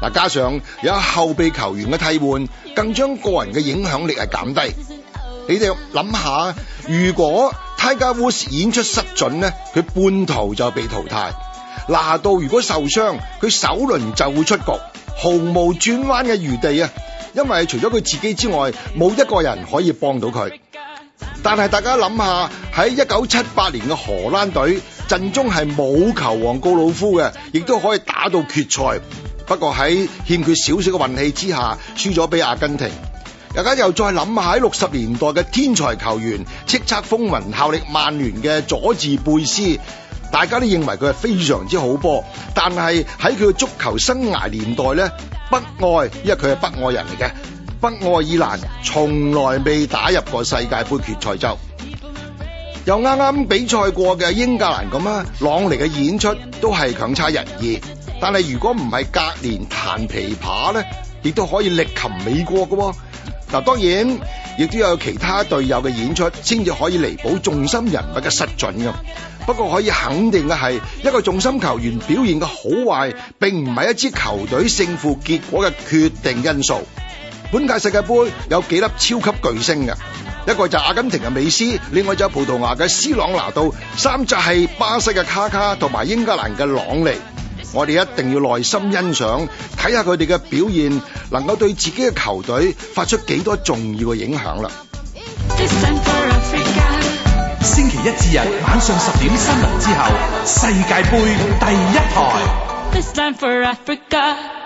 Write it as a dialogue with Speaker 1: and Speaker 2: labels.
Speaker 1: 嗱，加上有後備球員嘅替換，更將個人嘅影響力係減低。你哋諗下，如果 Tiger Woods 演出失準咧，佢半途就被淘汰；拿到如果受傷，佢首輪就會出局，毫無轉彎嘅餘地啊！因為除咗佢自己之外，冇一個人可以幫到佢。但係大家諗下，喺一九七八年嘅荷蘭隊陣中係冇球王高魯夫嘅，亦都可以打到決賽。不過喺欠缺少少嘅運氣之下，輸咗俾阿根廷。大家又再諗下喺六十年代嘅天才球員，叱咤風雲效力曼聯嘅佐治貝斯，大家都認為佢係非常之好波。但係喺佢嘅足球生涯年代呢，北愛，因為佢係北愛人嚟嘅，北愛爾蘭，從來未打入過世界盃決賽周。又啱啱比賽過嘅英格蘭咁啊，朗尼嘅演出都係強差人意。但係如果唔係隔年彈琵琶咧，亦都可以力擒美國嘅喎。嗱，當然亦都有其他隊友嘅演出先至可以彌補重心人物嘅失準嘅。不過可以肯定嘅係，一個重心球員表現嘅好壞並唔係一支球隊勝負結果嘅決定因素。本屆世界杯有幾粒超級巨星嘅？一個就是阿根廷嘅美斯，另外就是葡萄牙嘅斯朗拿度，三隻係巴西嘅卡卡同埋英格蘭嘅朗尼，我哋一定要耐心欣賞，睇下佢哋嘅表現能夠對自己嘅球隊發出幾多重要嘅影響啦。This time for Africa. 星期一至日晚上十點新聞之後，世界杯第一台。This time for Africa.